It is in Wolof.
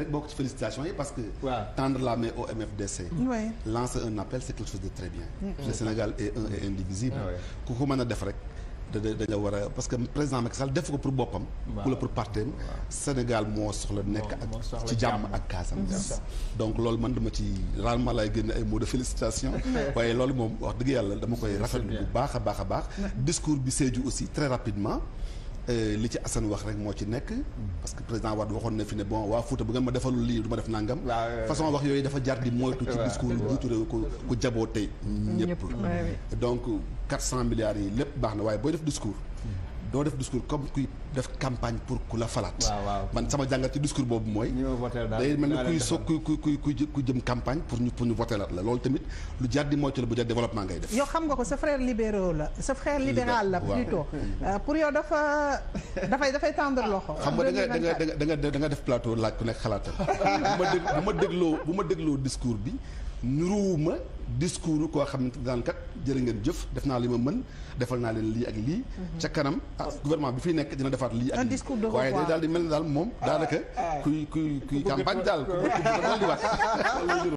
rek bokk ci félicitations yi parce que. waaw tendre la main au MFDC. oui lancer un appel c' est quelque chose très bien. Mm-hmm. le Sénégal et indivisible. Ah ku ko mën a def rek. da da da war a parce que président Macky Sall def ko pour boppam. waaw pour parteem Sénégal moo soxla nekk ak. ci jàmm ak Casamance. Mm-hmm. donc loolu man dama ci ma lay génne ay mots de félicitation. Mm-hmm. waaye loolu moom wax dëgg yàlla dama koy. rafet bu baax a baax a baax. discours bi Sédhiou aussi très rapidement. Euh, li ci Assane wax rek moo ci nekk parce que président Wade waxoon na fi ne bon waa Fouta bu ngeen ma defalul lii du ma def nangam façon wax yooyu dafa jar di moytu ci discours jiitu réew ku ku jaboote ñëpp donc quatre cent milliards yi lépp baax na waaye booy def discours doo def discours comme kuy def campagne pour ku la falaat. man sama jàngat ci discours boobu mooy. day mel ni kuy so kuy kuy kuy kuy jëm campagne pour ñu pour ñu voté la loolu tamit lu jar di moytu la bu jar développement ngay def. yow xam nga ko sa frère libéral la sa frère libéral la. plutôt euh, dafay dafay tendre loxo. xam nga da nga da nga da nga def plateau laaj ku nekk xalaatam bu ma dégloo bu ma dégloo discours bi. nuruwuma discours koo xamante daan kat jërë ngeen jëf def naa li ma mën defal naa leen lii ak lii. Mhm. ca kanam ah, gouvernement bi fi nekk dina defaat lii ak lii. waaye day daal di mel ni daal moom ah, daanaka. Ah. kuy kuy kuy campagne daal ku bëgg daal di wax.